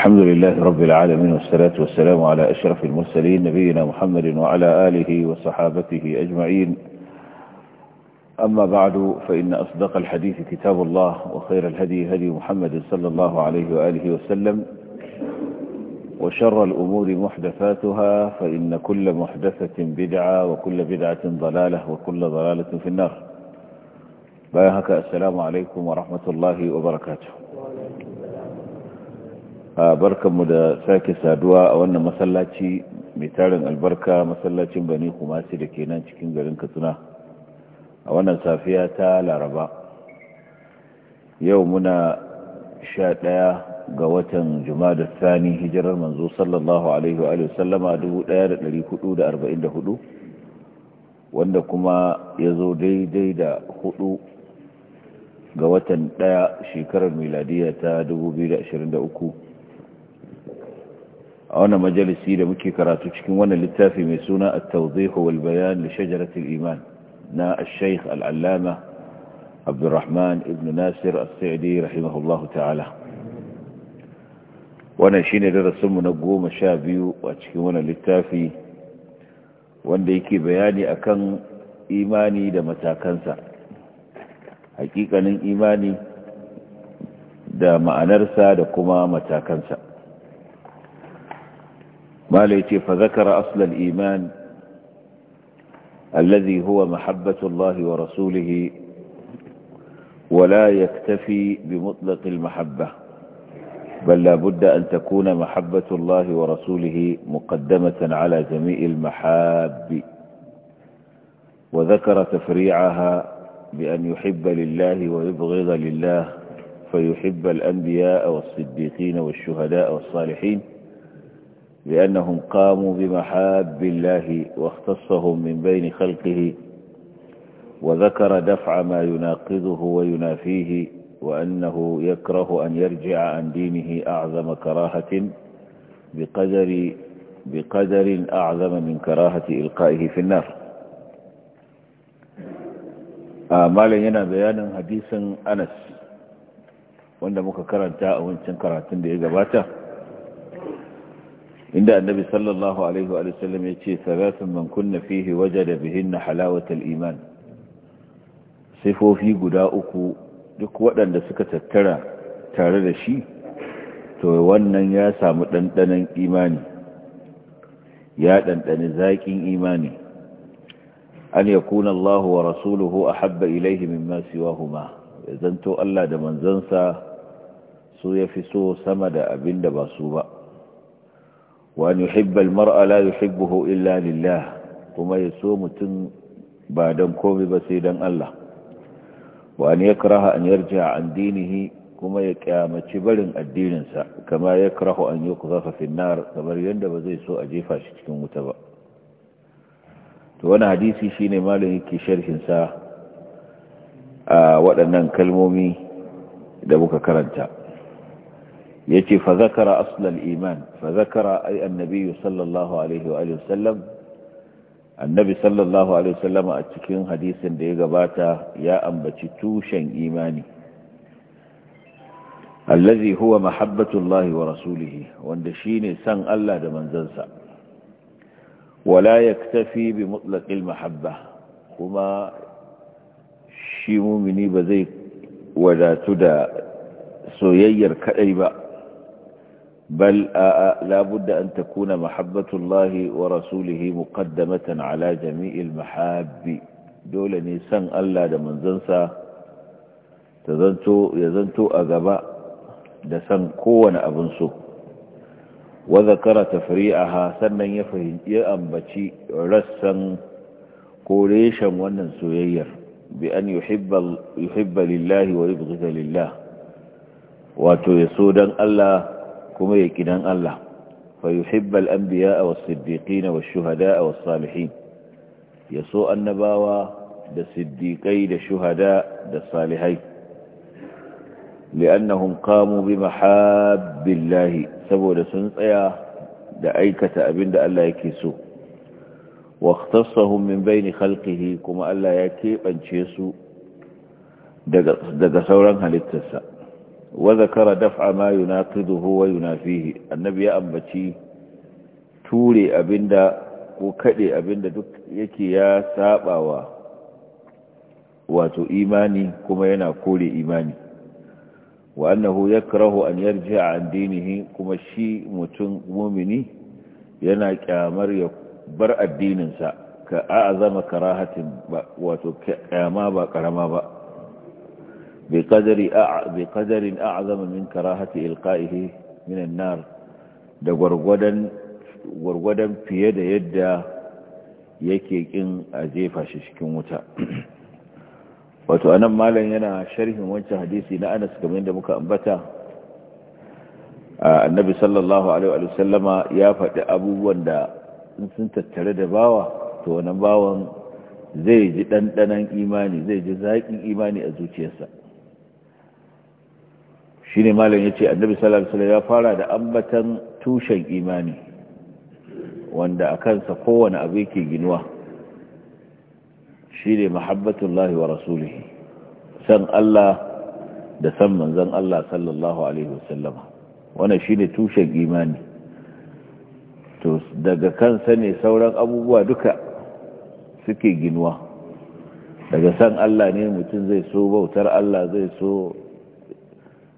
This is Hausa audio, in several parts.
الحمد لله رب العالمين والصلاة والسلام على أشرف المرسلين نبينا محمد وعلى آله وصحابته أجمعين أما بعد فإن أصدق الحديث كتاب الله وخير الهدي هدي محمد صلى الله عليه وآله وسلم وشر الأمور محدثاتها فإن كل محدثة بدعة وكل بدعة ضلالة وكل ضلالة في النار بايهك السلام عليكم ورحمة الله وبركاته a barkanmu da sake saduwa a wannan masallaci mai tarin albarka masallacin bani kumasi da ke nan cikin garin katsina a wannan safiya ta laraba yau muna sha ɗaya ga watan da sani hijirar manzo sallallahu alaihi wa sallama 1444 wanda kuma ya zo daidai da hudu ga watan ɗaya shekarar miladiya ta 2023 a wannan majalisi da muke karatu cikin wannan littafi mai suna at-tawdih wal bayan li iman na al-shaykh al Abdurrahman ibn Nasir as-Sa'di rahimahullahu ta'ala wannan shine darasin mu na biyu a cikin wannan littafi wanda yake bayani akan imani da matakansa hakikanin imani da ma'anarsa da kuma matakansa ما ليتي فذكر أصل الإيمان الذي هو محبة الله ورسوله ولا يكتفي بمطلق المحبة بل لابد أن تكون محبة الله ورسوله مقدمة على جميع المحاب وذكر تفريعها بأن يحب لله ويبغض لله فيحب الأنبياء والصديقين والشهداء والصالحين لأنهم قاموا بمحاب الله واختصهم من بين خلقه وذكر دفع ما يناقضه وينافيه وأنه يكره أن يرجع عن دينه أعظم كراهة بقدر, بقدر أعظم من كراهة إلقائه في النار آه، ما yana بيانا حديثا أنس وأن muka karanta وأن wancan karatun da inda annabi sallallahu alaihi wa sallam ya ce sarrafin man kunna fihi waje da bihin na halawatar iman sifofi guda uku duk waɗanda suka tattara tare da shi to wannan ya samu ɗanɗanon imani ya ɗanɗani zaƙin imani an ya kuna wa rasuluhu a habba ilaihi mimma huma ya zanto Allah da manzansa su ya fi so sama da abin da ba su ba وأن يحب المرأة لا يحبه إلا لله كما يسوم بعد كوم بسيدا الله وأن يكره أن يرجع عن دينه كما يكام تبل الدين كما يكره أن يقذف في النار كما يندب زي سوء جيفا شكتكم متبأ wani hadisi shi ne malin yake sharhinsa a waɗannan kalmomi da muka karanta yace fa zakara aslal iman fa zakara ay annabi sallallahu alaihi wa annabi sallallahu alaihi wa sallam a cikin hadisin da ya gabata ya ambaci tushen imani allazi huwa mahabbatullahi wa rasulihi wanda shine san Allah da manzansa wala yaktafi bi mutlaqil mahabba kuma shi mumini ba zai wadatu da soyayyar kadai ba بل لا بد أن تكون محبة الله ورسوله مقدمة ala جميع mahabi, dole ne san Allah da manzansa ya zanto a gaba da san kowane abin so wadda kara tafri'aha sannan ya fahimci ambaci rassan ko reshen wannan soyayyar bi an yuhibba lillahi wa yubghida lillah wato ya so dan Allah kuma ya kidan Allah fa yuhibbal anbiya was siddiqin was shuhada was salihin yaso annabawa da siddiqai da shuhada da salihai li'annahum qamu bi mahabbillah saboda sun tsaya da aikata abinda Allah yake so واختصهم من بين kuma Allah ya keɓance su daga sauran halittarsa. wazakara zakara daf'a ma yunaqiduhu wa yunafihi annabi ya ambaci ture abinda ko kade abinda duk yake ya sabawa wato imani kuma yana kore imani wa annahu yakrahu an yarji'a a dinihi kuma shi mutum mumini yana ƙyamar ya bar addininsa ka a'azama karahatin wato kyama ba karama ba بقدر أع... بقدر أعظم من كراهة إلقائه من النار da gwargwadon fiye da yadda yake kin a jefa shi cikin wuta wato anan malam yana sharhin wancan hadisi na anas kamar yadda muka ambata annabi sallallahu alaihi wa sallama ya faɗi abubuwan da sun tattare da bawa to wannan bawan zai ji ɗanɗanan imani zai ji zaƙin imani a zuciyarsa shine malam yace annabi sallallahu alaihi wasallam ya fara da ambatan tushen imani wanda a sa kowane abu yake ginuwa shine mahabbatullahi wa rasulihi san Allah da san manzon Allah sallallahu alaihi wasallam wannan shine tushen imani to daga kansa ne sauran abubuwa duka suke ginuwa daga san Allah ne mutum zai so bautar Allah zai so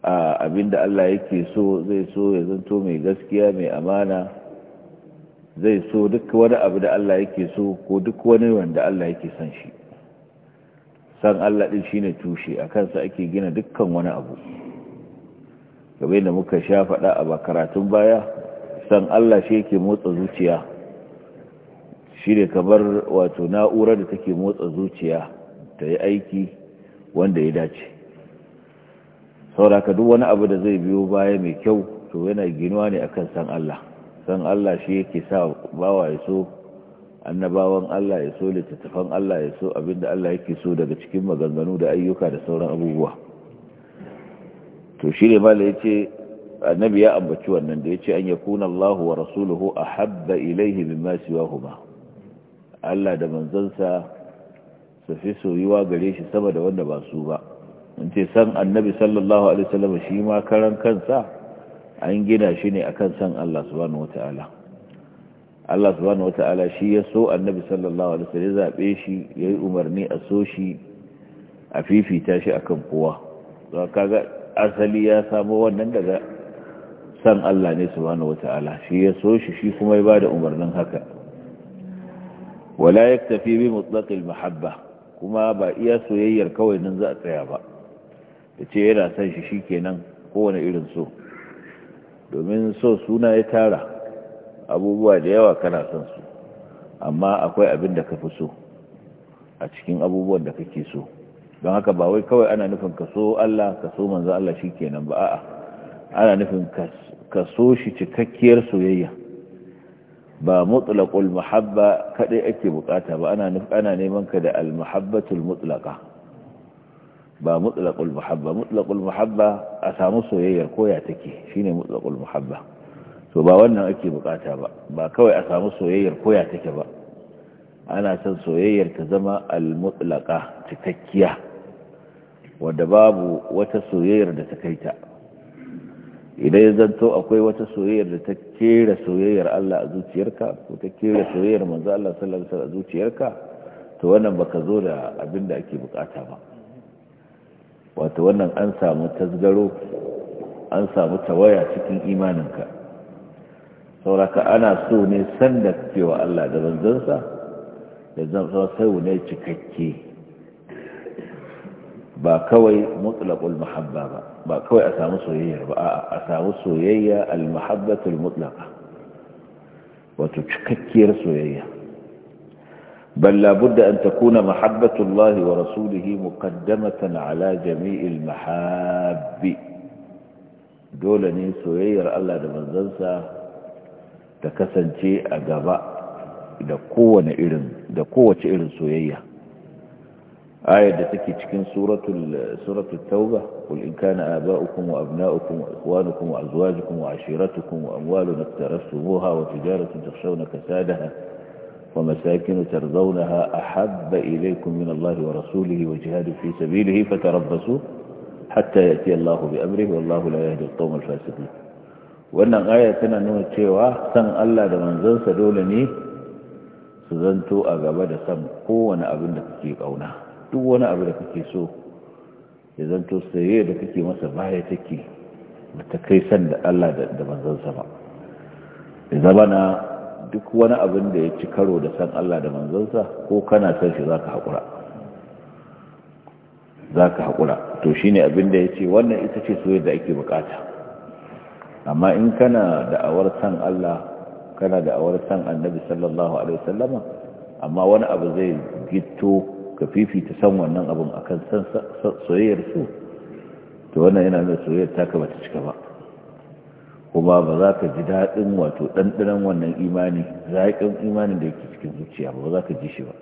a abinda Allah yake so zai so ya zanto mai gaskiya mai amana zai so duk wani abu da Allah yake so ko duk wani wanda Allah yake son shi san Allah din shine tushe a kansa ake gina dukkan wani abu kamar da muka sha faɗa a bakaratun baya san Allah shi yake motsa zuciya shi ne kamar wato na'ura da take motsa zuciya ta yi aiki wanda ya dace sauraka duk wani abu da zai biyo baya mai kyau to yana ginuwa ne akan san Allah san Allah shi yake sa bawa ya so annabawan Allah ya so littattafan Allah ya so abinda Allah yake so daga cikin maganganu da ayyuka da sauran abubuwa to shi ne ya ce annabi ya ambaci wannan da ya ce an yakuna Allah wa rasuluhu ahabba ilaihi mimma huma Allah da manzansa su fi soyuwa gare shi sama da wanda ba su ba in ce san annabi sallallahu alaihi wasallam shi ma karan kansa an gina shi ne akan san Allah subhanahu wataala Allah subhanahu wataala shi ya so annabi sallallahu alaihi wasallam ya zabe shi yayi umarni a so shi a fifita shi akan kowa don kaga asali ya samu wannan daga san Allah ne subhanahu wataala shi ya so shi shi kuma ya bada umarnin haka wala yaktafi bi mutlaqil mahabba kuma ba iya soyayyar kawai nan za a tsaya ba ya ce yana san shi shi kenan kowane irin so domin so suna ya tara abubuwa da yawa kana son su amma akwai abin da ka fi so a cikin abubuwan da kake so don haka ba wai kawai ana nufin ka so Allah ka so manzo Allah shi kenan ba a'a ana nufin ka so shi cikakkiyar soyayya ba mutlaqul muhabba kadai ake bukata ba ana ana neman ka da al muhabbatul mutlaqa ba mutlaqul muhabba mutlaqul muhabba a samu soyayyar koya take shine mutlaqul muhabba to ba wannan ake bukata ba ba kawai a samu soyayyar koya take ba ana son soyayyar ta zama al cikakkiya wanda babu wata soyayyar da ta kaita idan zanto akwai wata soyayyar da ta kera soyayyar Allah a zuciyarka ko ta kera soyayyar manzo Allah sallallahu alaihi wasallam a zuciyarka to wannan baka zo da abin da ake bukata ba wato wannan an samu tasgaro an samu tawaya cikin imaninka sauraka ana so ne sanda cewa Allah da manzansa da zama sai wune cikakke ba kawai mutlaqul muhabba ba ba kawai a samu soyayya ba a samu soyayya al muhabbatul mutlaqa wato cikakkiyar soyayya بل لا بد أن تكون محبة الله ورسوله مقدمة على جميع المحاب دولة نسوير الله دمزنسا تكسنشي أقباء da kowane irin da kowace irin soyayya ayar da take cikin suratul suratul tauba qul in kana aba'ukum wa abna'ukum wa ikhwanukum wa azwajukum wa ashiratukum wa amwalun iqtarastumuha wa tijaratun takhshawna kasadaha ومساكن ترضونها أحب إليكم من الله ورسوله وجهاد في سبيله فتربصوا حتى يأتي الله بأمره والله لا يهدي القوم الفاسقين wannan aya tana nuna cewa san Allah da manzansa dole ne su zanto a gaba da san kowane abin da kake kauna duk wani abu da kake so ya zanto saye da kake masa baya take ba ta kai san da Allah da manzansa ba ya zama na duk wani abin da ya ci karo da san Allah da manzansa ko kana san shi zaka haƙura zaka haƙura to shine abin da yace wannan ita ce soyayya da ake bukata amma in kana da awar san Allah kana da awar san Annabi sallallahu alaihi wasallama amma wani abu zai gitto ka fifita san wannan abin akan san soyayyar su to wannan yana da soyayyar taka bata cika ba kuma ba za ka ji daɗin wato ɗanɗanan wannan imani zaƙin imanin da yake cikin zuciya ba za ka ji shi ba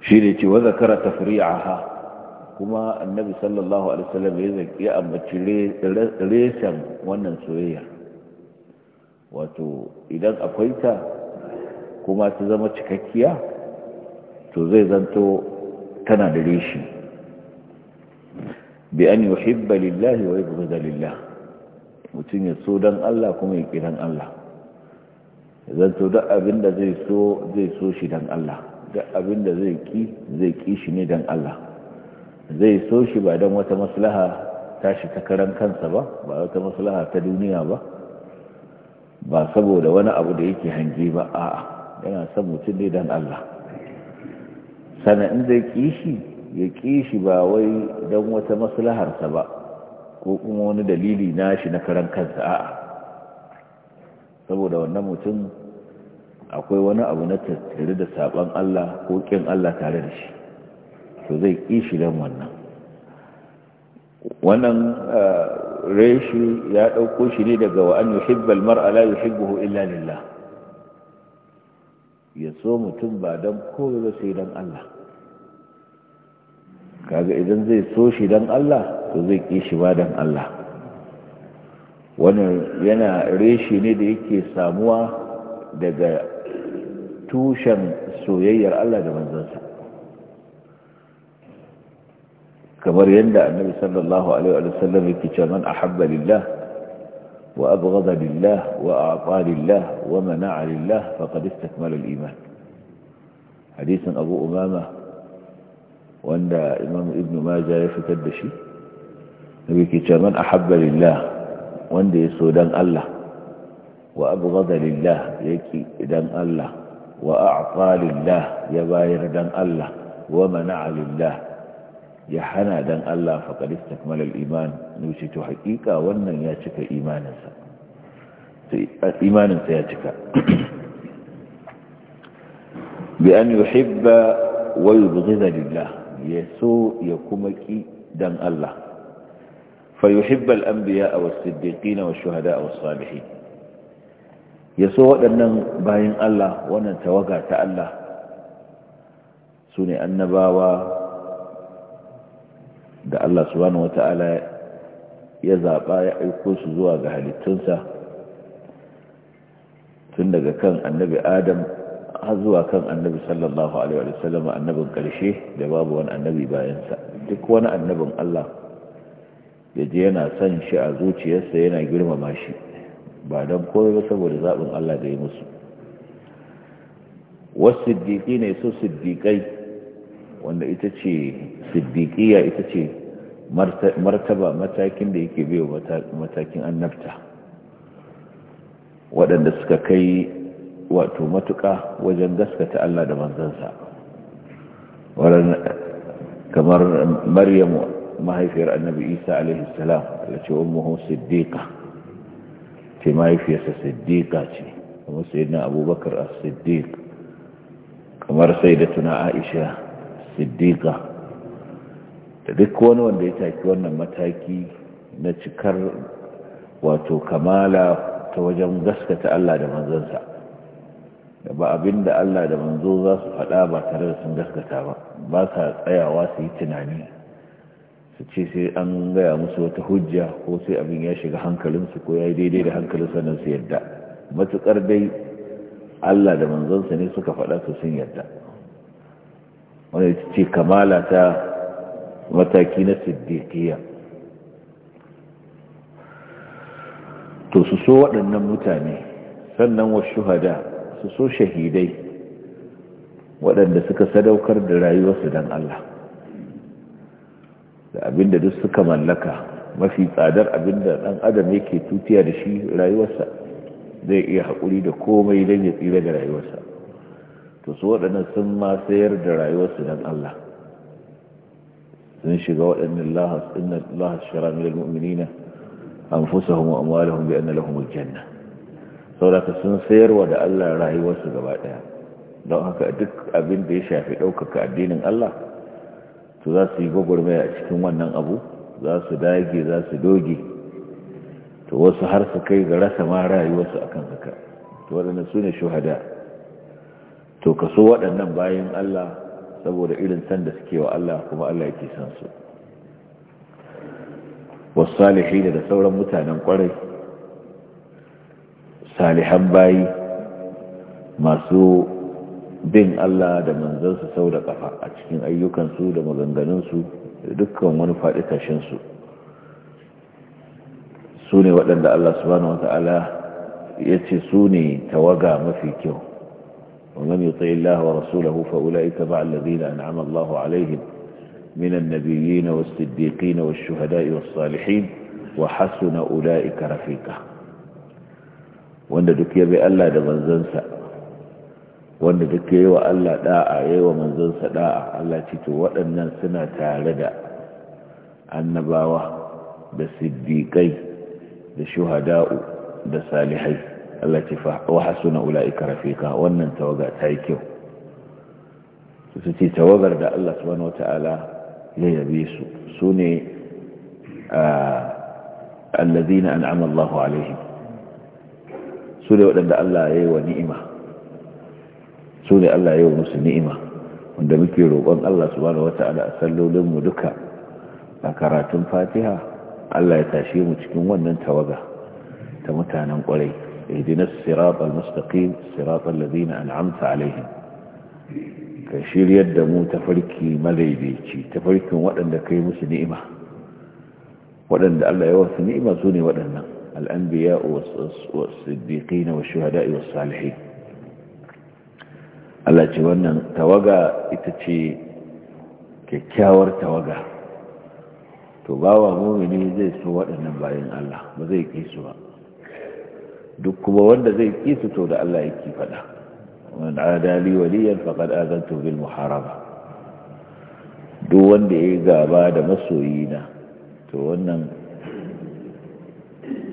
shi ne ce wadda kara tafri'aha kuma annabi sallallahu alaihi wasallam ya zaki ambaci reshen wannan soyayya wato idan akwai ta kuma ta zama cikakkiya to zai zanto tana da reshi bi an yuhibba lillahi wa yubghida lillahi mutum ya so don Allah kuma ya ƙi don Allah zan so duk abin da zai so zai so shi don Allah duk abin da zai ƙi zai ƙi shi ne don Allah zai so shi ba don wata maslaha tashi ta karan kansa ba ba wata maslaha ta duniya ba ba saboda wani abu da yake hange ba a'a yana son mutum ne don Allah sana'in zai ƙi shi ya ƙi shi ba wai don wata maslaharsa ba ko kuma wani dalili na shi na karan kansa a'a saboda wannan mutum akwai wani abu na tattare da saban Allah ko kin Allah tare da shi to zai ƙi shi don wannan wannan eh, reshi ya ɗauko shi ne daga wa'an yuhibbal mar'a la yuhibbuhu illa lillah ya so mutum ba don ba sai don Allah kaga idan zai so shi don Allah to zai ƙi shi ba don Allah wannan yana reshi ne da yake samuwa daga tushen soyayyar Allah da manzansa kamar yadda annabi sallallahu alaihi wa sallam yake cewa man ahabba lillah wa abghada lillah wa a'ta lillah wa mana'a lillah faqad istakmala al-iman hadisin abu umama wanda imam ibnu majah ya fitar da shi nabi ke ce man ahabba wanda ya so dan Allah wa abghada ya yake dan Allah wa a'ta lillah ya bayar dan Allah wa mana'a lillah ya hana dan Allah faqad istakmala al-iman to haƙiƙa wannan ya cika imaninsa imaninsa ya cika bi an yuhibba wa yubghida lillah ya so ya kuma ki dan Allah فيحب الأنبياء والصديقين والشهداء والصالحين يسوى أن باين الله وأن توقع تأله سني النباوة da Allah subhanahu wata'ala ya zaɓa ya aiko su zuwa ga halittunsa tun daga kan annabi adam har zuwa kan annabi sallallahu alaihi annabin ƙarshe da babu wani annabi duk wani annabin Allah ya je yana son shi a zuciyarsa yana girmama shi ba don kome ba saboda zaɓin Allah da ya musu wasu siddiƙi ne su siddiƙai wanda ita ce siddiƙiya ita ce martaba matakin da yake biyu matakin annabta waɗanda suka kai wato matuƙa wajen gaskata Allah da manzansa kamar maryamu mahaifiyar annabi isa alaihi salam da ce ummuhu siddiqa ce mahaifiyarsa siddiqa ce kuma na abubakar a siddiq kamar sai da tuna aisha siddiqa da duk wani wanda ya taki wannan mataki na cikar wato kamala ta wajen gaskata Allah da manzansa da ba abin da Allah da manzo za su faɗa ba tare da sun gaskata ba ba sa tsayawa su yi tunani su ce sai an gaya musu wata hujja ko sai abin ya shiga hankalinsu ko ya yi daidai da hankalin sannan su yadda matuƙar dai Allah da manzansa ne suka faɗa su sun yadda wanda ya ce kamala ta mataki na siddiƙiyya to su so waɗannan mutane sannan wa shuhada su so shahidai waɗanda suka sadaukar da rayuwarsu don Allah da abinda duk suka mallaka mafi tsadar abinda dan adam yake tutiya da shi rayuwarsa zai iya haƙuri da komai don ya tsira da rayuwarsa to su waɗannan sun ma sayar da rayuwarsu don Allah sun shiga waɗannan lahas inna lahas shara min almu'minina anfusahum wa amwalahum bi anna lahum aljanna saboda sun sayar wa da Allah rayuwarsu gaba ɗaya don haka duk abin da ya shafi ɗaukaka addinin Allah to za su yi gwagwarmaya a cikin wannan abu za su dage za su doge to wasu har su kai ga rasa ma rayuwarsu akan haka to waɗanda su ne shuhada to kaso waɗannan bayan Allah saboda irin san da suke wa Allah kuma Allah yake san su wasu salihi da sauran mutanen kwarai salihan bayi masu bin Allah da manzansa sau da ƙafa a cikin ayyukansu da maganganunsu da dukkan wani faɗi tashinsu su waɗanda Allah subhanahu wa ta'ala ya ce su tawaga mafi kyau wannan yi tsaye Allah wa rasulahu fa'ula ita ba allazi na na'am Allah alaihim min annabiyyi na wasu diƙi na salihin wa Hassuna na uda'i karafika wanda duk ya bai Allah da manzansa wanda duk yi wa Allah da'a yi wa manzonsa da'a Allah ce to waɗannan suna tare da annabawa da siddiƙai da shuhada'u da salihai Allah ce fa wa hasuna ulaika rafiqa wannan tawaga ta yi kyau su ce tawagar da Allah subhanahu wataala ya yabe su sune allazina an'ama Allahu su ne waɗanda Allah ya yi wa ni'ima su ne Allah wa musu ni'ima wanda muke roƙon Allah subhanahu wata'ala a sallolin mu duka a karatun Fatiha Allah ya tashe mu cikin wannan tawaga ta mutanen ƙwarai ihdinas siratal mustaqim siratal ladina an'amta alaihim ka shiryar da mu tafarki malaidaici tafarkin waɗanda kai musu ni'ima waɗanda Allah ya wasu ni'ima su ne waɗannan al'anbiya'u was-siddiqina wa shuhadai was-salihin Allah ce wannan tawaga ita ce kyakkyawar tawaga to bawa mumini zai so waɗannan bayan Allah ba zai ƙi su ba duk kuma wanda zai ƙi su to da Allah yake faɗa wanda adali waliyan faqad azantu bil muharaba duk wanda yayi gaba da masoyina to wannan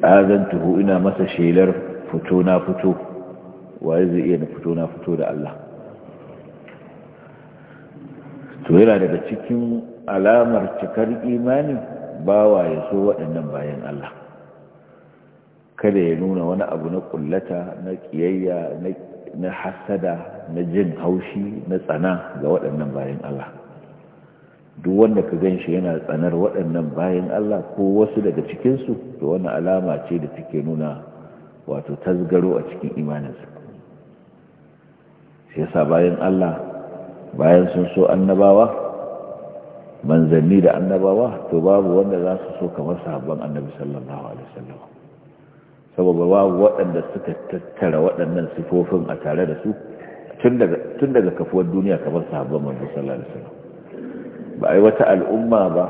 azantuhu ina masa shelar fito na fito waye zai iya fito na fito da Allah to yana daga cikin alamar cikar imani wa ya so waɗannan bayan Allah kada ya nuna wani abu na ƙullata, na ƙiyayya, na hasada na jin haushi na tsana ga waɗannan bayan Allah duk wanda ka gan shi yana tsanar waɗannan bayan Allah ko wasu daga cikinsu da wani alama ce da take nuna wato tasgaro a cikin imaninsu. shi yasa bayan Allah bayan sun so annabawa manzanni da annabawa to babu wanda za su so kamar sahabban annabi sallallahu alaihi wasallam saboda babu waɗanda suka tattara waɗannan sifofin a tare da su tun daga kafuwar duniya kamar sahabban manzo sallallahu alaihi wasallam ba ai wata al'umma ba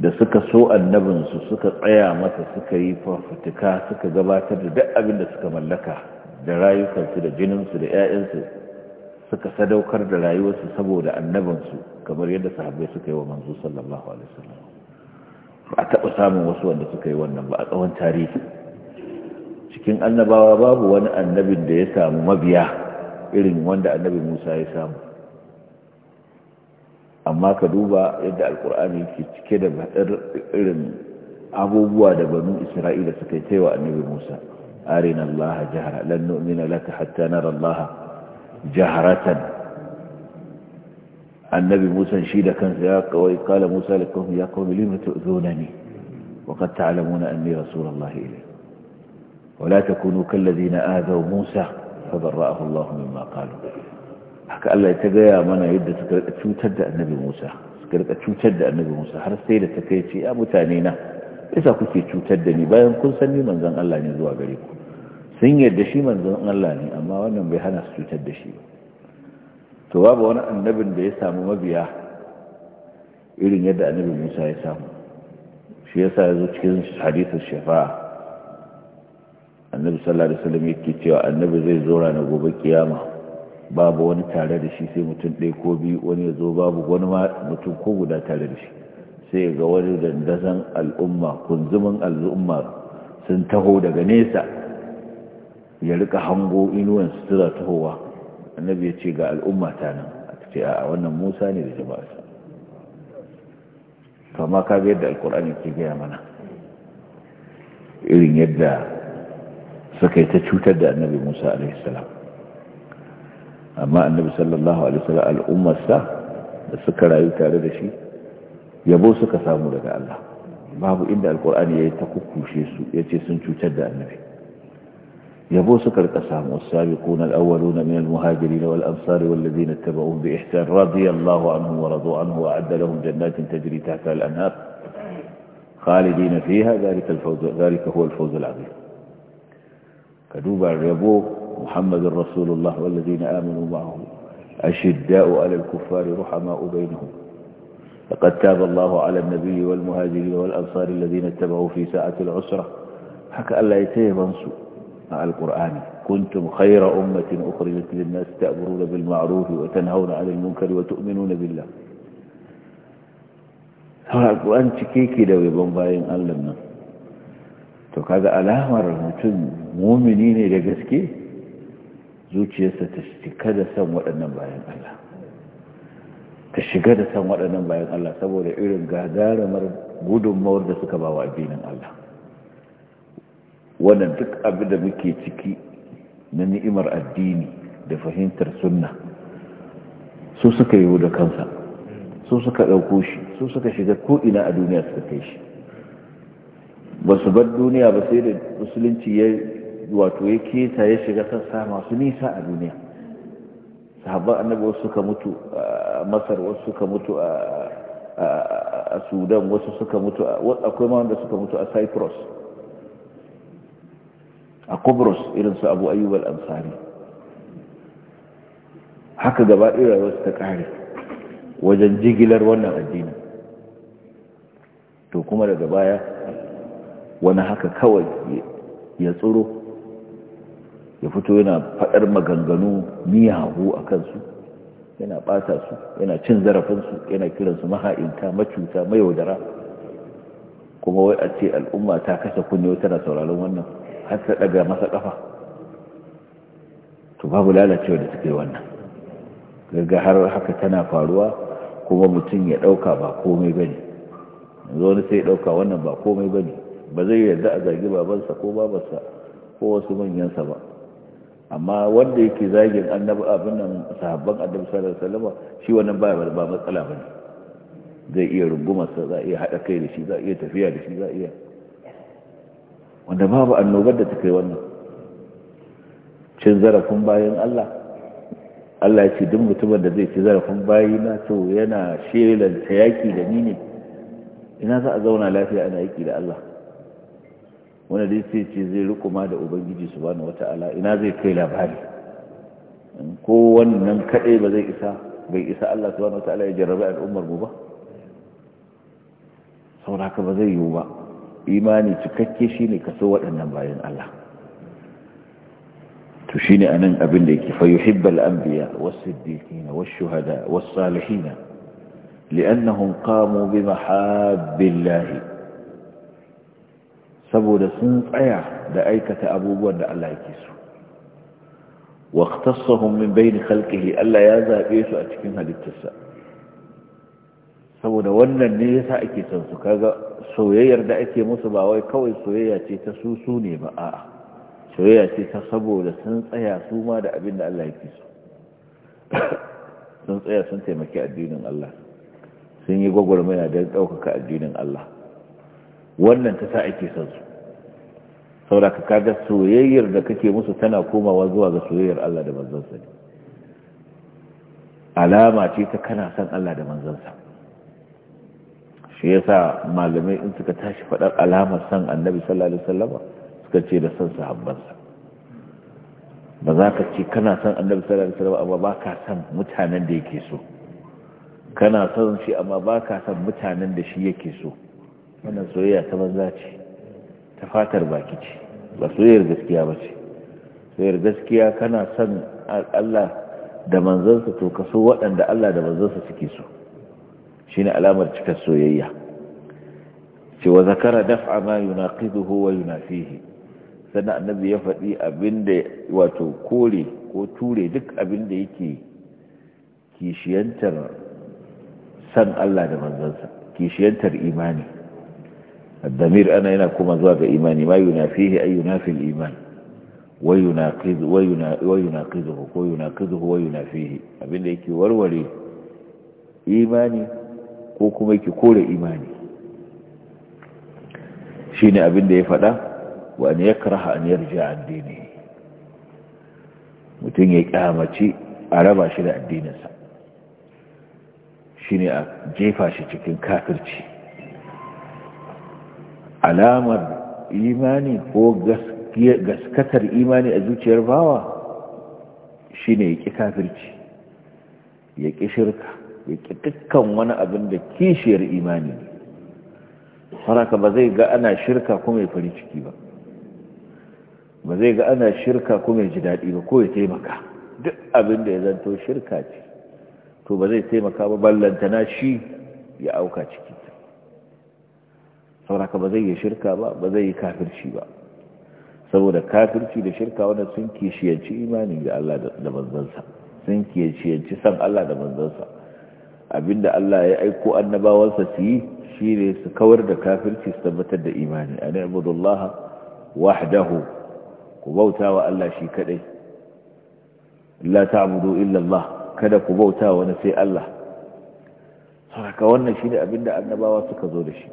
da suka so annabin su suka tsaya masa suka yi fafutuka suka gabatar da duk abin da suka mallaka da rayukansu da jininsu da 'ya'yansu suka sadaukar da rayuwarsu saboda annabansu kamar yadda sahabbai suka yi wa manzo sallallahu alaihi wasallam ba a taɓa samun wasu wanda suka yi wannan ba a tsawon tarihi cikin annabawa babu wani annabin da ya samu mabiya irin wanda annabi musa ya samu amma ka duba yadda alkur'ani ke cike da irin abubuwa da banu isra'ila suka yi wa annabi musa arina allaha jihar lan nu'mina laka hatta nara allaha jaharatan annabi musa shi da kansa ya kawai kala musa da kawai ya kawai lima tu'zunani wa qad ta'lamuna anni rasulullahi ilayhi ولا تكونوا كالذين آذوا موسى فبرأه الله مما قالوا haka Allah ya ta gaya mana yadda suka rika cutar da annabi Musa suka rika cutar da annabi Musa har sai da ta kai ce ya mutane na yasa kuke cutar da ni bayan kun san ni manzon Allah ne zuwa gare ku sun yadda shi manzon Allah ne amma wannan bai hana su cutar da shi ba to babu wani annabin da ya samu mabiya irin yadda annabin Musa ya samu shi yasa yazo cikin hadisin shafa'a annabi sallallahu alaihi wasallam yake cewa annabi zai zo ranar gobe kiyama babu wani tare da shi sai mutum ɗaya ko biyu wani ya zo babu wani mutum ko guda tare da shi sai ga wani dandazon al'umma kunzumin al'umma sun taho daga nesa ya rika hango inuwan sutura tahowa annabi ya ce ga al'umma ta nan aka ce a wannan musa ne da jama'arsa kama ka ga yadda alkur'ani ke gaya mana irin yadda suka yi ta cutar da annabi musa alaihissalam amma annabi sallallahu alaihissalam al'ummarsa da suka rayu tare da shi yabo suka samu daga Allah babu inda alkur'ani ya yi ta kukushe su ya ce sun cutar da annabi يبوس كالقسام والسابقون الأولون من المهاجرين والأنصار والذين اتبعوهم بإحسان رضي الله عنهم ورضوا عنه وأعد لهم جنات تجري تحت الأنهار خالدين فيها ذلك, الفوز ذلك هو الفوز العظيم كدوبا يبو محمد رسول الله والذين آمنوا معه أشداء على الكفار رحماء بينهم لقد تاب الله على النبي والمهاجرين والأنصار الذين اتبعوا في ساعة العسرة حكى أن لا يتيه منصور القرآن كنتم خير أمة أخرجت للناس تأمرون بالمعروف وتنهون عن المنكر وتؤمنون بالله القرآن تكيكي دوي بمباين ألمنا تكذا ألاهما رمتون مؤمنين لغسكي زوجي ستشتكد سموة النباين الله تشتكد سموة النباين الله سبو لعلم قادار مر بودم مورد سكبا وعبين الله wannan duk abin da muke ciki na ni'imar addini da fahimtar sunna su suka yi da kansa su suka ɗauko shi su suka shiga ko'ina a duniya suka kai shi ba su bar duniya ba sai da musulunci ya wato ya keta ya shiga sassa masu nisa a duniya sahabban annabi wasu suka mutu a masar wasu suka mutu a sudan wasu suka mutu akwai ma wanda suka mutu a cyprus a kubrus irin su abu ayyub amsari haka gaba irin wasu ta kare wajen jigilar wannan addini to kuma daga baya wani haka kawai ya tsoro ya fito yana faɗar maganganu miyahu a kansu yana ɓata su yana cin zarafinsu yana kiransu maha'inta macuta mayaudara kuma wai a ce al'umma ta kasa kunyo tana sauraron wannan har ta daga masa kafa to babu lalacewa da suke wannan gaga har haka tana faruwa kuma mutum ya dauka ba komai bane yanzu wani sai ya dauka wannan ba komai bane ba zai yarda a zagi babansa ko babarsa ko wasu manyansa ba amma wanda yake zagin annabi abin nan sahabban annabi sallallahu alaihi wasallam shi wannan ba ba matsala bane zai iya rungumarsa za a iya haɗa kai da shi za a iya tafiya da shi za a iya wanda babu annobar da ta kai wannan cin zarafin bayan Allah Allah ya ce duk mutumin da zai ci zarafin bayina to yana shelanta yaki da ni ne ina za a zauna lafiya ana yaki da Allah wanda da ya ce zai rukuma da ubangiji su bani wata ala, ina zai kai labari ko wannan kadai ba zai isa bai isa Allah su bani wata ala ya jarrabe al'ummar mu ba saboda haka ba zai yiwu ba imani cikakke shi ne kaso waɗannan bayan Allah to shi ne a nan abin da yake fayu hibbal anbiya wasu dikina wasu shuhada wasu salihina li'annahun kamo bi mahabbin lahi saboda sun tsaya da aikata abubuwan da Allah yake so min من بين Allah ya يذهب su a cikin halittarsa saboda wannan ne yasa ake son su kaga soyayyar da ake musu ba wai kawai soyayya ce ta su su ne ba a'a soyayya ce ta saboda sun tsaya su ma da abin da Allah yake so sun tsaya sun taimaki addinin Allah sun yi gwagwarmaya don ɗaukaka addinin Allah wannan ta sa ake son su saboda ka kaga soyayyar da kake musu tana komawa zuwa ga soyayyar Allah da manzansa ne alama ce ta kana son Allah da manzansa shi yasa malamai in suka tashi faɗar alamar san annabi sallallahu alaihi wasallama suka ce da san sa. ba za ka ce kana san annabi sallallahu alaihi wasallama amma ba ka san mutanen da yake so kana son shi amma ba ka san mutanen da shi yake so wannan soyayya ta banza ce ta fatar baki ce ba soyayyar gaskiya ba ce soyayyar gaskiya kana son Allah da manzansa to ka so waɗanda Allah da manzansa suke so Shi ne alamar cikar soyayya ce wa zakara daf'a ma yunaqiduhu wa fihi sannan annabi ya faɗi abinda wato kore ko ture duk abinda yake kishiyantar san Allah da manzansa kishiyantar imani ana yana kuma الضمير أنا yuna كما زواج yuna ما ينافيه أي ينافي الإيمان ويناقض ويناقضه ويناقضه وينافيه أبين yake warware imani. ko kuma ki kore imani shine abin da ya faɗa wa ya yakraha an a addini mutum ya kyamaci a raba shi da addininsa shine a jefa shi cikin kafirci alamar imani ko gaskatar imani a zuciyar bawa shine ya ƙi kafirci ya ƙi shirka ya ƙi dukkan wani abin da kishiyar imani ne haraka ba zai ga ana shirka kuma ya fari ciki ba ba zai ga ana shirka kuma ya ji daɗi ba ko ya taimaka duk abin da ya zanto shirka ce to ba zai taimaka ba ballantana shi ya auka ciki sauraka ba zai yi shirka ba ba zai yi kafirci ba saboda kafirci da shirka wanda sun kishiyarci imani da Allah da manzansa sun kishiyarci san Allah da manzansa abinda Allah ya aiko annabawansa su yi shi ne su kawar da kafirci su tabbatar da imani a na'abudullaha wahdahu ku bauta wa Allah shi kadai la ta'budu illa Allah kada ku bauta wani sai Allah Saka wannan shi ne abinda annabawa suka zo da shi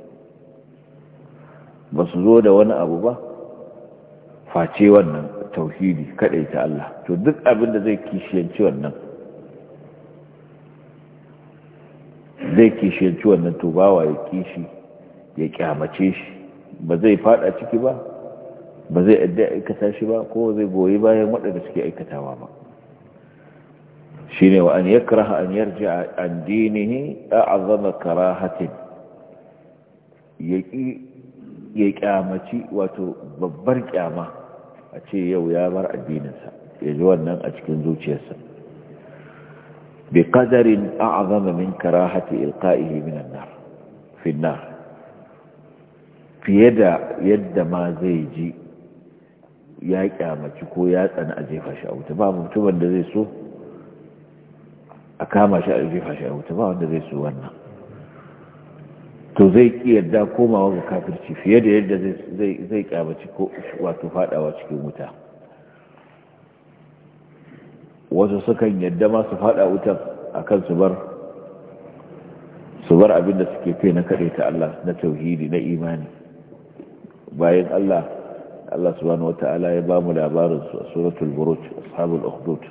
ba su zo da wani abu ba face wannan tauhidi kadai ta Allah to duk abinda zai kishiyanci wannan zai kishiyanci wannan tubawa ya kishi ya kyamace shi ba zai fada ciki ba ba zai adda aikata shi ba ko zai goyi bayan waɗanda suke aikatawa ba Shi ne wa an yakraha an yarji'a an dinihi a'zama karahatin hatin? ya kyamaci wato babbar kyama a ce yau ya bar addininsa ya ji wannan a cikin zuciyarsa بقدر kadarin من كراهة إلقائه من النار في النار في يد يد ما زي جي يا كامتي كو يا a kama shi a jefa shi a wuta ba wanda zai so wannan to zai ki yadda komawa ga kafirci fiye da yadda zai kyamaci wato fadawa cikin wuta wasu sukan yadda ma su fada wutan akan su bar su bar abin da suke kai na kare ta Allah na tauhidi na imani bayan Allah Allah subhanahu wata'ala ya bamu labarin su a suratul buruj ashabul ukhdud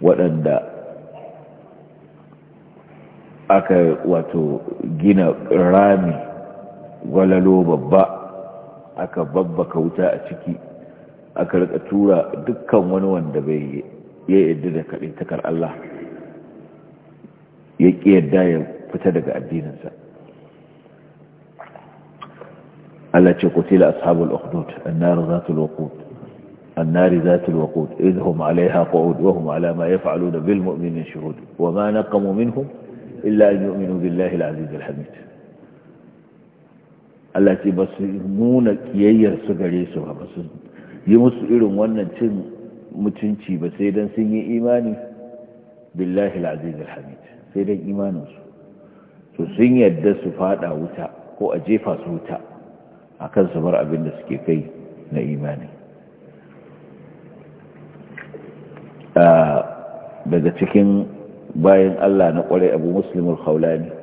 waɗanda aka wato gina rami gwalalo babba aka babbaka wuta a ciki aka rika tura dukkan wani wanda bai ya yadda da kaɗin takar Allah ya ƙi yadda ya fita daga addininsa Allah ce kutila ashabul ukhdud annar zatul waqud annar zatul waqud idhum alaiha qa'ud wa hum ala ma yaf'aluna bil mu'minin shuhud wa ma naqamu minhum illa an yu'minu billahi al-aziz al-hamid Allah ce basu nuna kiyayyar su gare su ba basu yi musu irin wannan cin mutunci ba sai don sun yi imani billahi al'aziz al-hamid sai don imaninsu to sun yadda su fada wuta ko a jefa su wuta a kan su bar abin da suke kai na imani daga cikin bayan Allah na kwarai abu muslimul khawlani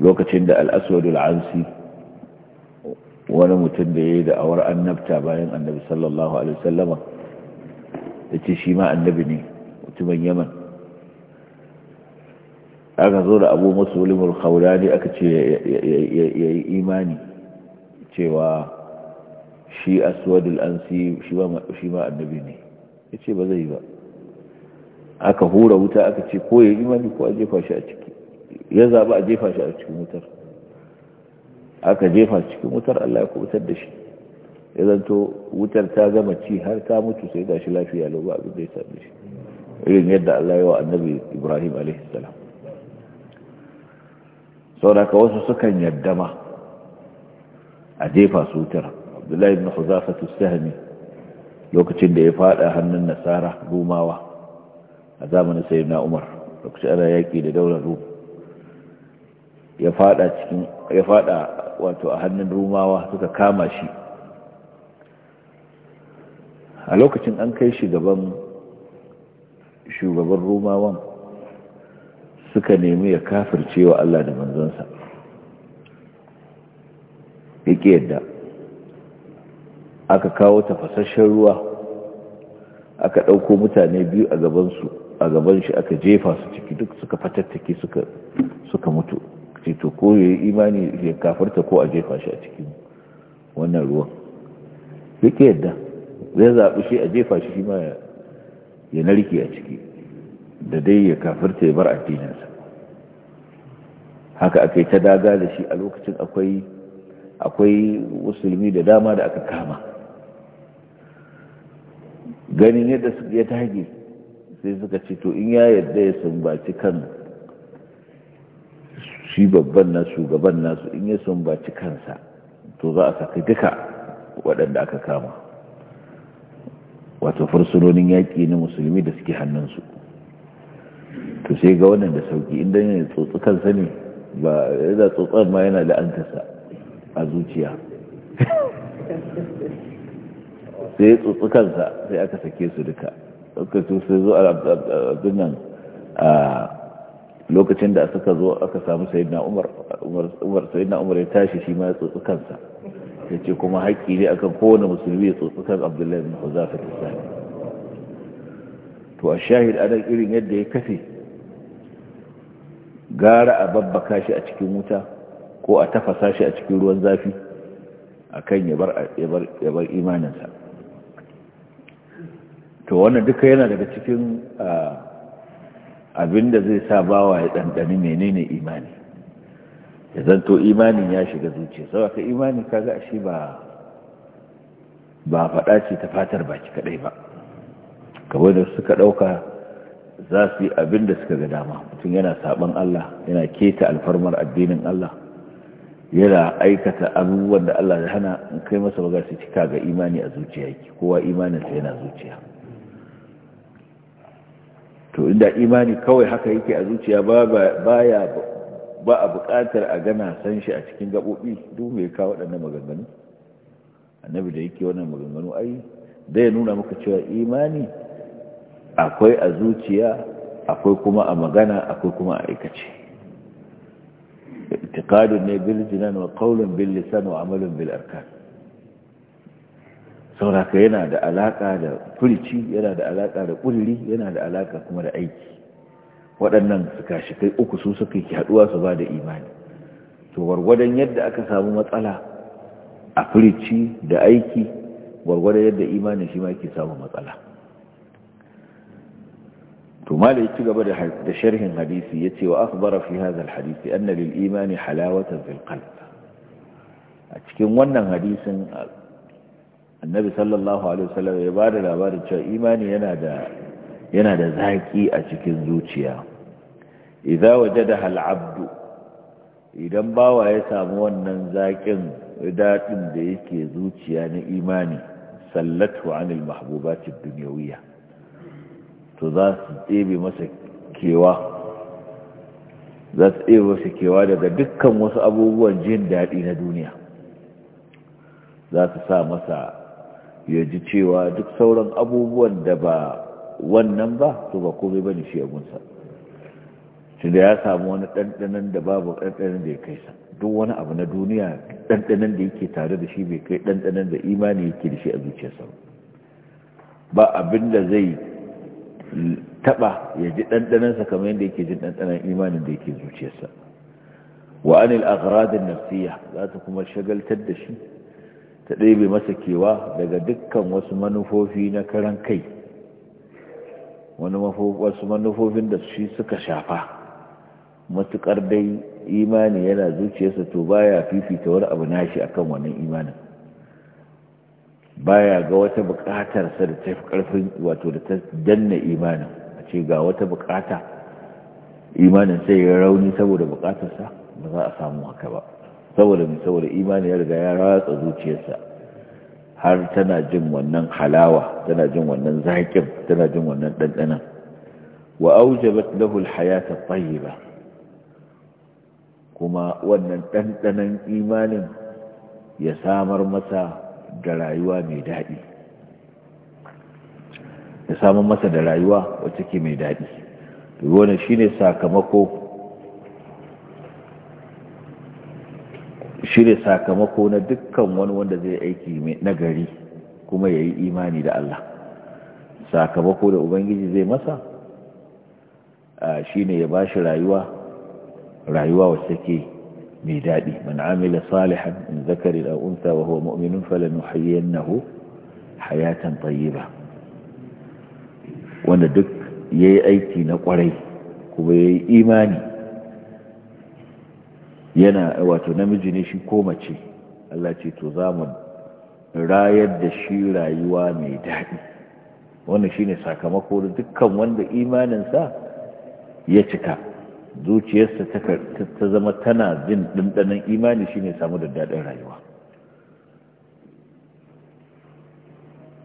lokacin da al'aswadul ansi wani mutum da ya yi da'awar annabta bayan annabi sallallahu alaihi sallama ya ce shi ma annabi ne mutumin yaman aka zo da abu musulmul khaulani aka ce ya yi imani cewa shi aswadul ansi shi ma annabi ne ya ce ba zai ba aka hura wuta aka ce ko ya yi imani ko a jefa shi a ciki ya zaba a jefa shi a cikin wutar aka jefa cikin wutar Allah ya kubutar da shi ya zanto wutar ta gama ci har ta mutu sai gashi lafiya lau ba abin da ya same shi irin yadda Allah ya wa annabi Ibrahim alaihi salam sauraka wasu sukan yadda ma a jefa su wutar Abdullahi ibn Huzafa Sahmi lokacin da ya fada hannun Nasara Rumawa a zamanin Sayyidina Umar lokacin ana yaki da daular Rum ya fada cikin ya fada wato a hannun rumawa suka kama shi a lokacin an kai shi gaban shugaban rumawan suka nemi ya kafirce wa Allah da manzansa ya yadda aka kawo tafasasshen ruwa aka ɗauko mutane biyu a gabansu a gaban shi aka jefa su ciki duk suka fatattake suka mutu ce ko ya yi imani ya kafarta ko a jefa shi a cikin wannan ruwan yake yadda zai zaɓi shi a jefa shi shi ma ya narke a ciki da dai ya kafarta ya bar addininsa haka aka yi ta daga da shi a lokacin akwai akwai musulmi da dama da aka kama ganin yadda ya tage sai suka ce to in ya yadda ya sumbaci kan shi babban nasu shugaban nasu in ya sumbaci kansa to za a saka duka waɗanda aka kama wato fursunonin yaƙi na musulmi da suke hannunsu to sai ga wannan da sauki inda yana tsotsi kansa ne ba yana tsotsar ma yana la'antarsa a zuciya sai ya tsotsi kansa sai aka sake su duka ɗaukacin sai zo a abin a lokacin da suka zo aka samu sayyidina umar umar sayyidina umar ya tashi shi ma ya tsotsi yace kuma haƙi ne akan kowane musulmi ya tsotsukan kan abdullahi bin huzafa sani to a shahid ana irin yadda ya kafe gara a babbaka shi a cikin wuta ko a tafasa shi a cikin ruwan zafi akan ya bar ya bar imaninsa to wannan duka yana daga cikin ah, abinda zai sa bawa ya ɗanɗani menene imani ya zanto imanin ya shiga zuciya sau aka imani kaga shi ba ba faɗa ce ta fatar baki kaɗai ba kamar da suka ɗauka za su yi abin da suka ga dama mutum yana saɓan Allah yana keta alfarmar addinin Allah yana aikata abubuwan da Allah ya hana in kai masa baga su cika ga imani a zuciya yake kowa imaninsa yana zuciya to inda imani kawai haka yake a zuciya baya ba a buƙatar a gana san shi a cikin gaɓoɓi duk mai kawo waɗannan maganganu annabi da yake wannan maganganu ai ya nuna maka cewa imani akwai a zuciya akwai kuma a magana akwai kuma a aikace itiqadun ne bil jinan wa qawlun bil lisan wa amalun bil arkan sauraka yana da alaka da furici yana da alaka da kulli yana da alaka kuma da aiki waɗannan suka shi kai uku su suka yi haɗuwa su ba da imani to gwargwadon yadda aka samu matsala a furici da aiki gwargwadon yadda imani shi ma yake samun matsala to malai ci gaba da sharhin hadisi ya ce wa akhbara fi hadha alhadisi anna lil imani halawatan fil a cikin wannan hadisin annabi sallallahu alaihi wasallam ya bada labarin cewa imani yana da yana da a cikin zuciya idza da hal-abdu idan bawa ya samu wannan zaƙin daɗin da yake zuciya na imani sallatu anil mahbubati dunyawiyya to za su tsebe masa kewa za su tsebe masa kewa daga dukkan wasu abubuwan jin daɗi na duniya za su sa masa ya ji cewa duk sauran abubuwan da ba wannan ba to ba komai ba ne shi abunsa shi ya samu wani ɗanɗanan da babu ɗanɗanan da ya kai sa duk wani abu na duniya ɗanɗanan da yake tare da shi bai kai ɗanɗanan da imani yake da shi a zuciyarsa ba abin da zai taɓa ya ji ɗanɗanansa kamar yadda yake jin ɗanɗanan imanin da yake zuciyarsa wa anil agradin nafsiya za ta kuma shagaltar da shi ta ɗebe masa kewa daga dukkan wasu manufofi na karan kai wasu manufofin da shi suka shafa matuƙar dai imani yana zuciyarsa to ba ya fifita wani abu nashi akan wannan imanin baya ga wata buƙatarsa da ta fi ƙarfin wato da ta danna imanin a ce ga wata buƙata imanin sai ya rauni saboda buƙatarsa ba za a samu haka ba saboda mai saboda imani ya riga ya ratsa zuciyarsa har tana jin wannan halawa tana jin wannan zaƙin tana jin wannan ɗanɗanan wa aujabat lahu alhayata tayyiba kuma wannan ɗanɗanan imanin ya samar masa da rayuwa mai daɗi ya samar masa da rayuwa wacce ke mai daɗi wannan shine sakamako Shirya sakamako na dukkan wani wanda zai aiki nagari kuma ya yi imani da Allah sakamako da ubangiji zai masa shi ne ya bashi rayuwa rayuwa wasu take mai daɗi man amila salihan in zakari da unta wa huwa mu'minun falanu hayyannahu hayatan ba wanda duk ya yi aiki na kwarai kuma ya yi imani yana wato namiji ne shi ko mace Allah ce to za rayar da shi rayuwa mai daɗi wannan shine sakamako da dukkan wanda imaninsa ya cika zuciyarsa ta zama tana jin ɗanɗanon imani shine samu da daɗin rayuwa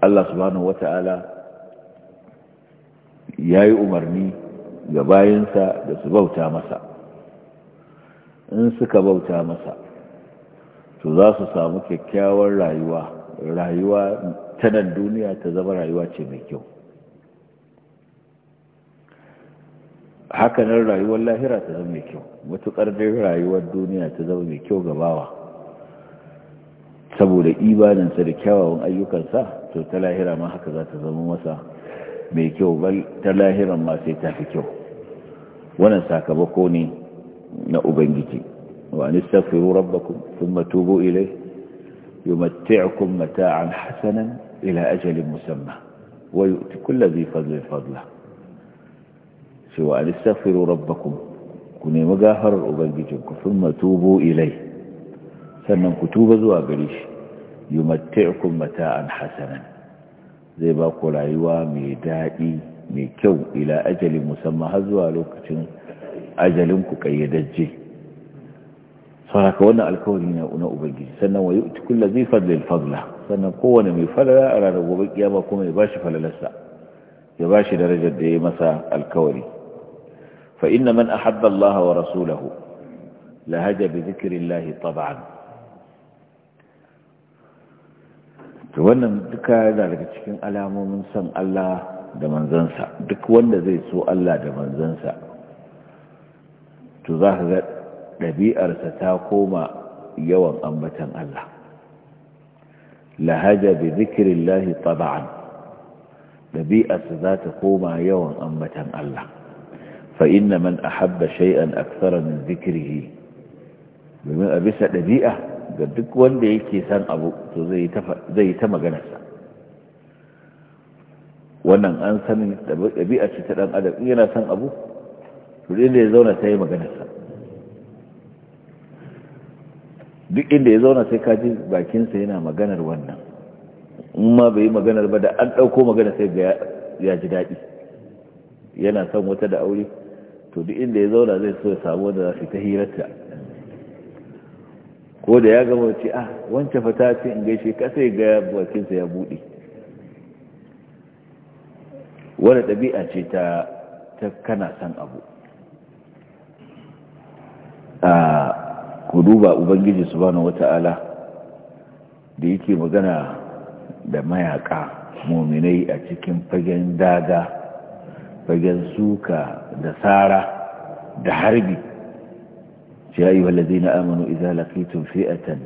Allah subhanahu wata'ala ya yi umarni ga bayansa da su bauta masa in suka bauta masa to za su samu kyakkyawar rayuwa rayuwa ta nan duniya ta zama rayuwa ce mai kyau hakanan rayuwar lahira ta zama mai kyau matuƙar dai rayuwar duniya ta zama mai kyau gabawa saboda ibaninsa da kyawawan ayyukansa to ta lahira ma haka za ta zama masa mai kyau bal ta lahiran ma sai ta fi kyau wannan sakamako ne نأبنجتي وأن استغفروا ربكم ثم توبوا إليه يمتعكم متاعا حسنا إلى أجل مسمى ويؤتي كل ذي فضل فضله سواء استغفروا ربكم كني مقاهر أبنجتكم ثم توبوا إليه سنن كتوب زوابريش يمتعكم متاعا حسنا زي باقول عيوامي أيوة، دائي ميكو إلى أجل مسمى هزوالوكتن ajalin ku kayyadajje saraka wannan alkawari na na ubangiji sannan wa yu'ti kullu zai fadlil fadla sannan kowane mai falala a ranar gobe kiyama kuma ya bashi falalarsa ya bashi darajar da ya masa alkawari fa inna man ahabba Allah wa rasulahu lahaja bi dhikrillah tab'an to wannan duka yana daga cikin alamomin san Allah da manzansa duk wanda zai so Allah da manzansa to za ka ga ɗabi'arsa ta koma yawan ambatan Allah lahaja bi zikirillahi taba'an ɗabi'arsa za ta koma yawan ambatan Allah fa'in man a habba shay'an aksara min zikirhi domin a bisa ɗabi'a ga duk wanda yake san abu to zai ta maganarsa wannan an sanin ɗabi'a ce ta ɗan adam yana san abu To duk inda ya zauna sai maganarsa duk inda ya zauna sai kaji bakinsa yana maganar wannan in ma bai yi maganar ba da an ɗauko magana sai ga ya ji daɗi yana son wata da aure to duk inda ya zauna zai so ya samu wanda za su ta hirarta ko da ya gama wace ah wancan fata ce in gaishe kasa sai ga bakinsa ya buɗe wani ɗabi'a ce ta kana son abu a duba ubangiji subhanahu wata'ala da yake magana da mayaka muminai a cikin fagen daga fagen suka da tsara da harbi ya yi wallazi na amanu izalakitun fi'atan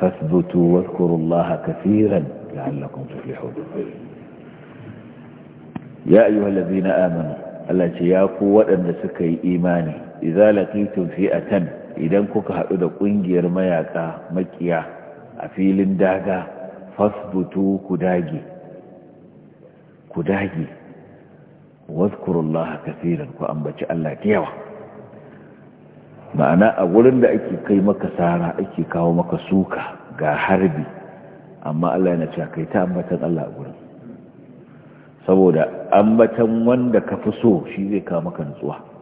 fasbutu waskurullaha kafiran la'allakun tuflihu ya ayyuhal ladina amanu Allah ya ku waɗanda suka yi imani fi a fi'atan idan kuka hadu da kungiyar mayaka makiya a filin daga fasbutu ku dage ku dage wazkurullaha kaseeran ku ambaci Allah da yawa ma'ana a wurin da ake kai maka sara ake kawo maka suka ga harbi amma Allah yana cewa kai ta ambatan Allah a gurin saboda ambatan wanda ka fi so shi zai kawo maka nutsuwa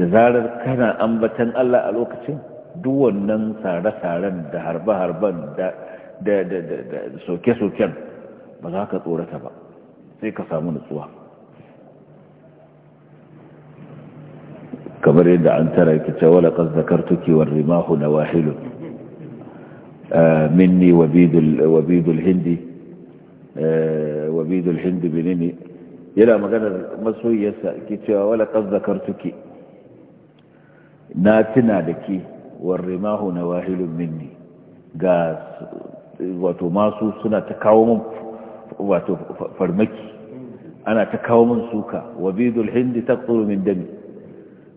da zarar kana ambatan Allah a lokacin duk wannan sare-saren da harba-harban da-da-da, da soke-soken ba za ka tsorata ba sai ka samu nutsuwa kamar yadda an tara ki ce wala qad zakartuki war rimahu nawahil eh, minni wabidul wabidul hindi eh, wabidul hindi binini yana maganar masoyiyarsa ki cewa wala qad zakartuki na tuna da ke maho na wahilun minni ga wato masu suna ta kawo mun wato farmaki ana ta kawo mun suka wabidul hindi tsoro min dami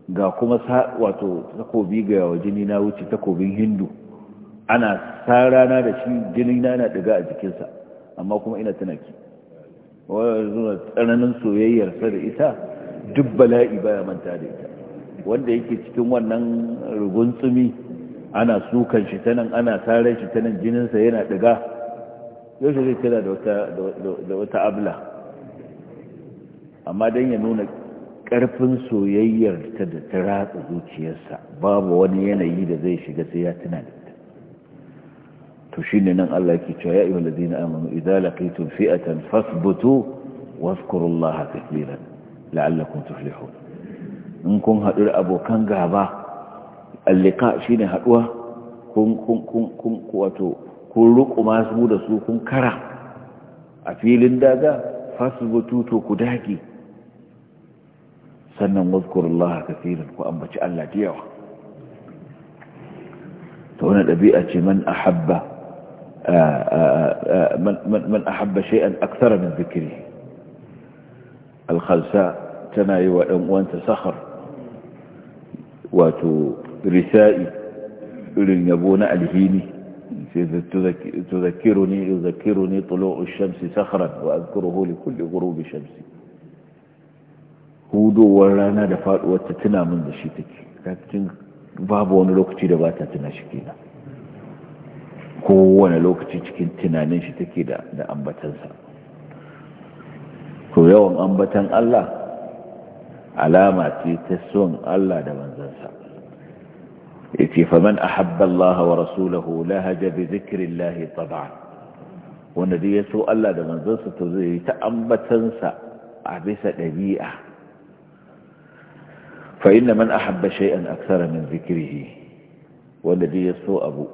ga kuma wato takobi ga yawa jini na wuce takobin hindu ana sa rana da shi jini na yana daga a jikinsa amma kuma ina tana ki wani zuwa tsananin soyayyarsa da ita duk bala'i baya manta da ita wanda yake cikin wannan rugun tsumi ana sukan shi ta nan ana tare shi ta nan jininsa yana ɗiga yau shi zai kira da wata abla amma don ya nuna ƙarfin soyayyar ta da ta ratsa zuciyarsa babu wani yanayi da zai shiga sai ya tuna da to shi ne nan Allah ke cewa ya iya zina amanu idan laƙitun fi'atan fasbutu wasu kurullaha kafiran la'allakun tuflihun in kun haɗu da abokan gaba allika shi ne haɗuwa kun wato kun ruku masu da su kun kara a filin daga fasu bututo ku dage sannan ka filin ku ambaci Allah da yawa ta wani ɗabi'a ce man ahabba man ahabba an aksara min zikiri alkhalsa tana yi wa ɗan uwanta sahar wato risa'i irin yabo na alhini sai tuzakiruni yuzakiruni tulu'u shamsi sakhran wa azkuruhu li kulli ghurubi shamsi hudowar rana da faduwar ta tuna min da shi take kafin babu wani lokaci da ba ta tuna shi kenan kowane lokaci cikin tunanin shi take da ambatansa to yawan ambatan Allah alama ce ta son Allah da manzansa yace fa man ahabba Allah wa rasulahu lahaja bi Allah tab'an wanda dai yaso Allah da manzansa to zai ta ambatan sa a bisa dabi'a fa inna man ahabba shay'an akthara min zikrihi wanda dai yaso abu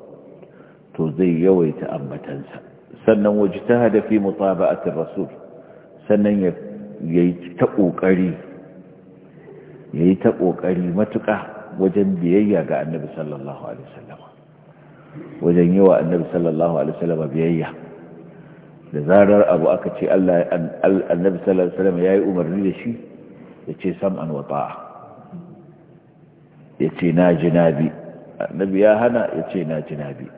to zai yawaita ambatan sa sannan wajtahada fi mutaba'ati rasul sannan yayi ta kokari ya yi ta ƙoƙari matuƙa wajen biyayya ga annabi sallallahu alaihi wasallama wajen yi wa annabi sallallahu alaihi wasallama biyayya da zarar abu aka ce Allah annabi sallallahu alaihi wasallama yi umarni da shi ya ce sam'an wa ta'a ya ce na jinabi annabi ya hana ya ce na jinabi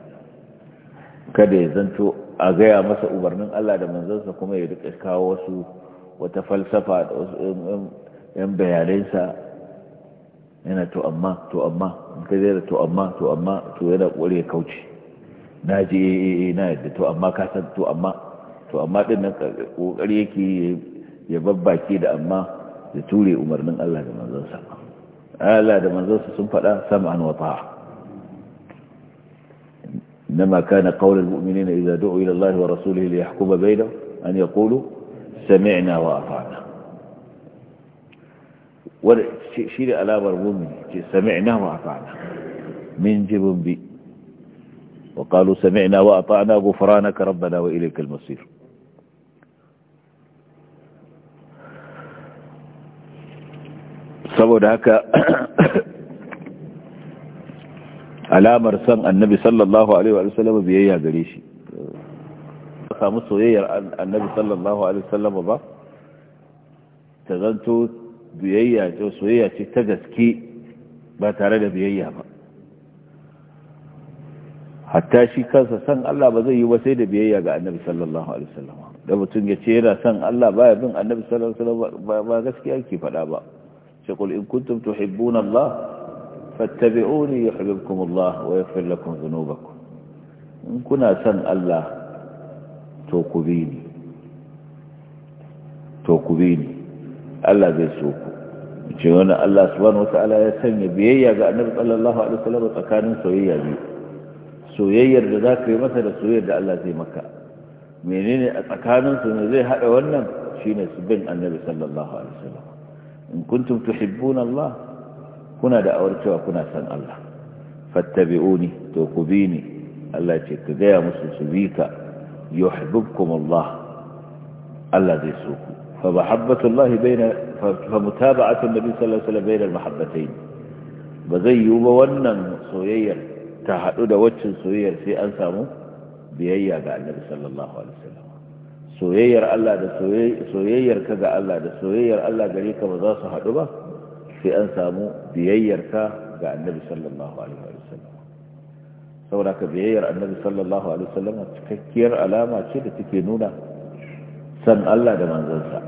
kada ya zanto a gaya masa umarnin Allah da manzansa kuma ya duka kawo wasu wata falsafa da wasu ‘yan um, um, um, bayanansa yana to amma to amma in ka zai da to amma to amma to yana kore ya kauce na ji eh, eh, eh, na yadda to amma ka san to amma to amma din nan kokari yake ya babbake da amma ya ture umarnin Allah da manzon sa Allah da manzon sa sun faɗa sam'an wa ta'a إنما كان قول المؤمنين إذا دعوا إلى الله ورسوله ليحكم بينهم أن يقولوا سمعنا وأطعنا وشير على برمومن سمعنا وأطعنا من جب بي وقالوا سمعنا وأطعنا غفرانك ربنا وإليك المصير سبو دهك على مرسم النبي صلى الله عليه وسلم بيهي قريشي خامسه يهي النبي صلى الله عليه وسلم تغنتوا biyayya ce soyayya ce ta gaske ba tare da biyayya ba hatta shi kansa san Allah ba zai yi ba sai da biyayya ga annabi sallallahu alaihi wasallam da mutum ya ce yana san Allah baya bin annabi sallallahu alaihi wasallam ba gaskiya yake faɗa ba ce qul in kuntum tuhibbuna Allah fattabi'uni yuhibbukum Allah wa yaghfir lakum dhunubakum in kuna san Allah to ku bi ni to ku bi ni Allah zai so ku ce wani Allah subhanahu wata'ala ya sanya biyayya ga annabi sallallahu alaihi wasallam tsakanin soyayya biyu soyayyar da zaka yi masa da soyayyar da Allah zai maka menene a tsakanin su ne zai hada wannan shine su bin annabi sallallahu alaihi wasallam in kuntum tuhibbuna Allah kuna da awar cewa kuna san Allah fattabi'uni to ku bi ni Allah ce ka gaya musu su bi ka yuhibbukum Allah Allah zai so ku فمحبة الله بين فمتابعة النبي صلى الله عليه وسلم بين المحبتين بزي وونن سويا تحدد وجه سويا في أن سامو بيئيا قال النبي صلى الله عليه وسلم سويا الله ده سويا كذا الله ده سويا الله قريك وذا صحدبا في أن سامو بيئيا قال النبي صلى الله عليه وسلم saboda ka biyayyar annabi sallallahu alaihi wasallam cikakkiyar alama ce da take nuna san Allah da manzansa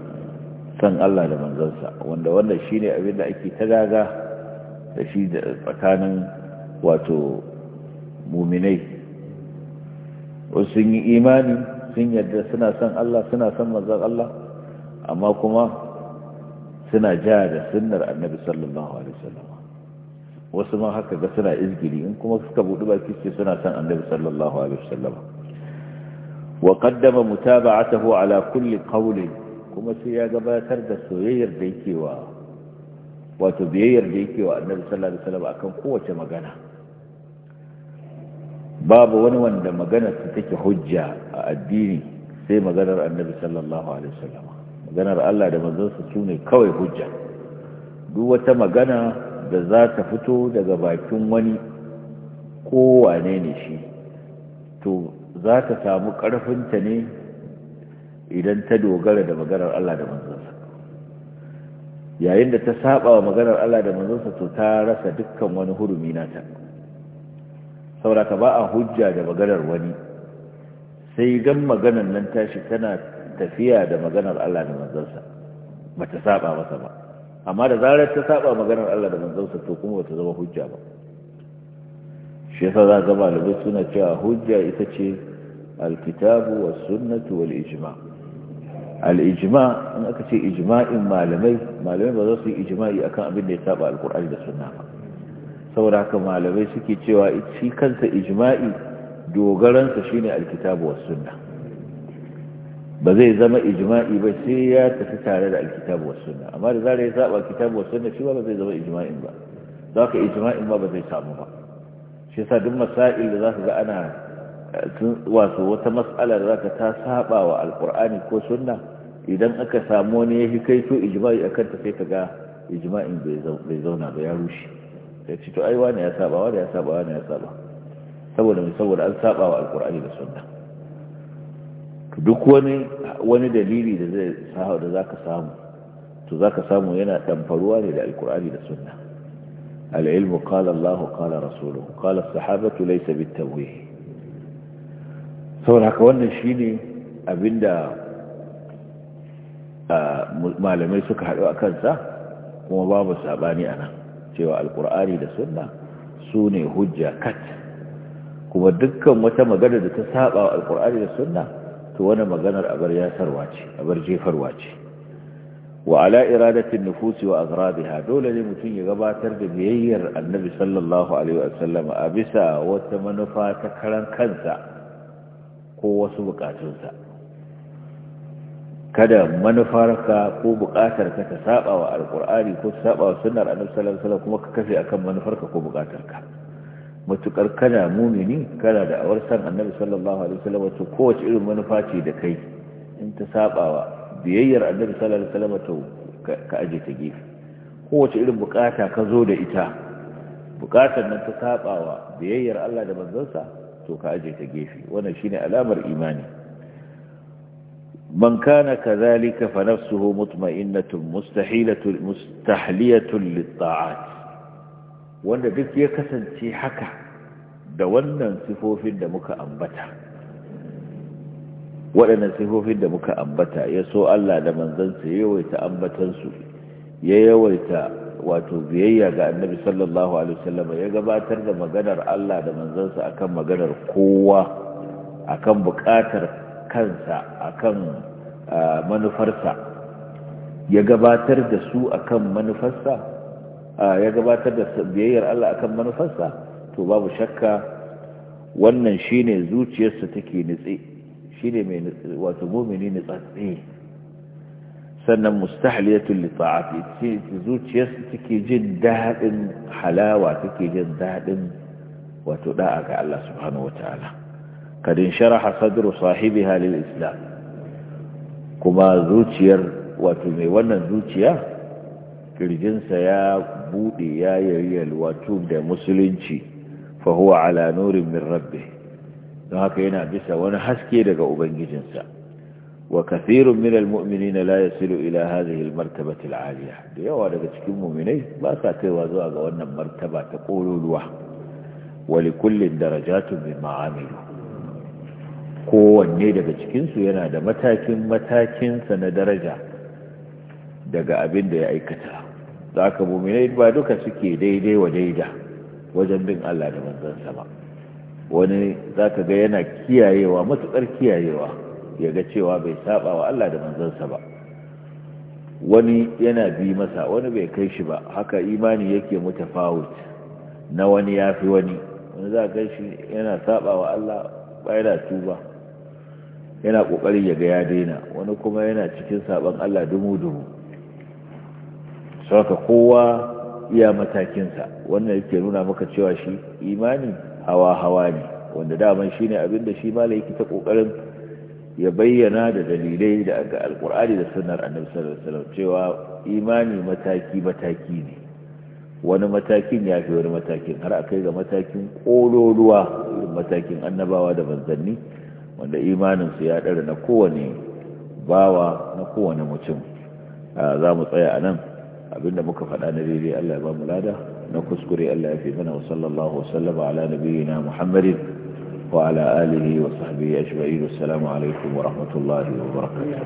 san Allah da manzansa wanda wannan shine abin da ake daga da shi da tsakanin wato muminai sun yi imani sun yadda suna san Allah suna san manzan Allah amma kuma suna ja da sunnar annabi sallallahu alaihi wasallam wasu ma haka ga suna izgiri in kuma suka budu baki ce suna san annabi sallallahu alaihi wasallam wa qaddama mutaba'atahu ala kulli qawlin kuma sai ya gabatar da soyayyar da yake wa wato biyayyar da yake wa annabi sallallahu alaihi wasallam akan kowace magana babu wani wanda magana su take hujja a addini sai maganar annabi sallallahu alaihi wasallam maganar Allah da manzonsa tune kawai hujja duk wata magana da za ta fito daga bakin wani ko wane ne shi to za ta samu ƙarfinta ne idan ta dogara da maganar Allah da manzansa yayin da ta saba wa maganar Allah da manzansa to ta rasa dukkan wani hurumi nata sauraka ba a hujja da maganar wani sai gan maganar nan tashi tana tafiya da maganar Allah da manzansa ba ta saba masa ba amma da zarar ta saba maganar Allah da manzansa to kuma ba ta zama hujja ba shi yasa za ga malamai suna cewa hujja ita ce alkitabu wa sunatu wal ijima. al-ijma in aka ce ijima'in malamai malamai ba za su yi ijma'i akan abin da ya saba alkur'ani da suna ba saboda haka malamai suke cewa shi kansa ijima'i, dogaransa shine alkitabu wa suna. ba zai zama ijima'i ba sai ya tafi tare da alkitabu wa suna. amma da zarar ya saba alkitabu wa suna, shi ba zai zama ijma'in ba Za zaka ijma'in ba ba zai samu ba shi yasa duk masail da zaka ga ana wato wata mas'ala da zaka ta saba wa alqur'ani ko sunna idan aka samu wani ya kai so ijma'i akan ta sai ka ga ijma'in bai zauna ba ya rushe sai ce to ai wani ya saba wani ya saba wani ya saba saboda mai saboda an saba wa alqur'ani da sunna duk wani wani dalili da zai sahawa da zaka samu to zaka samu yana damfaruwa ne da alqur'ani da sunna العلم قال الله قال رسوله قال الصحابة ليس بالتويه saboda haka wannan shi ne abinda malamai suka haɗu a kansa kuma babu sabani a cewa Alƙur'ani da sunna su ne kuma dukkan wata magana da ta saba wa alkur'ani da sunna to wani maganar abar yasarwa ce abar wa ala iradatin nufusi wa azrabiha dole ne mutum ya gabatar da biyayyar annabi sallallahu alaihi wasallam a bisa wata manufa ta karan kansa ko wasu bukatunsa kada manufarka ko bukatarka ta saba wa alkur'ani ko ta saba wa sunnar annabi sallallahu alaihi wasallam kuma ka kafe akan manufarka ko bukatarka matukar kana mumini kana da awar san annabi sallallahu alaihi wasallam to kowace irin manufa ce da kai in ta saba wa biyayyar annabi sallallahu alaihi wasallam ka aje ta gefe kowace irin bukata ka zo da ita bukatar nan ta sabawa biyayyar Allah da manzansa to ka aje ta gefe wannan shine alamar imani man kana kadhalika fa nafsuhu mutma'innatun mustahilatu mustahliyatu lit wanda duk ya kasance haka da wannan sifofin da muka ambata waɗannan sifofin da muka ambata ya so Allah da manzansa ya yawaita ambatansu ya yawaita wato biyayya ga annabi sallallahu alaihi wasallam ya gabatar da maganar Allah da manzansa akan maganar kowa akan buƙatar kansa akan manufarsa ya gabatar da su akan manufarsa ya gabatar da biyayyar Allah akan manufarsa to babu shakka wannan shine zuciyarsa take nitsi shine ne wato mu'mini ne tsatsi sannan mustahliyatul li ta'ati take jin daɗin halawa take jin daɗin wato da'a ga Allah subhanahu wataala kadin sharaha sadru sahibiha halin islam kuma zuciyar wato mai wannan zuciya kirjinsa ya buɗe ya yayyalwa tub da musulunci fa huwa ala nurin min rabbih don haka yana bisa wani haske daga ubangijinsa wa kathirun min na la yasilu ila hazihi almartabati alaliya da yawa daga cikin mu'minai ba sa kaiwa zuwa ga wannan martaba ta kololuwa wa likullin darajatun mimma ma'amilu kowanne daga cikinsu yana da matakin matakinsa na daraja daga abin da ya aikata zaka mu'minai ba duka suke daidai wa daida wajen bin Allah da manzon sa ba wani za ka ga yana kiyayewa matuƙar kiyayewa ya ga cewa bai saba wa Allah da manzansa ba wani yana bi masa wani bai kai shi ba haka imani yake mutafawut na wani ya fi wani wani za ka shi yana saba wa Allah bai da tuba yana ƙoƙari ya ga ya daina wani kuma yana cikin saban Allah dumu-dumu saka kowa iya matakinsa wannan yake nuna maka cewa shi imani hawa-hawa ne wanda daman shi ne abinda shi mala yake ta ƙoƙarin ya bayyana da dalilai da ga alƙur'ani da sunar annabi sallallahu alaihi wasallam cewa imani mataki-mataki ne wani matakin ya fi wani matakin har akai ga matakin ƙololuwa matakin annabawa da manzanni wanda imaninsu ya ɗara na kowane bawa na kowane mutum za mu tsaya a nan abinda muka faɗa na daidai Allah ya ba mu lada نكسكري ألا في وصلى الله وسلم على نبينا محمد وعلى آله وصحبه أجمعين والسلام عليكم ورحمة الله وبركاته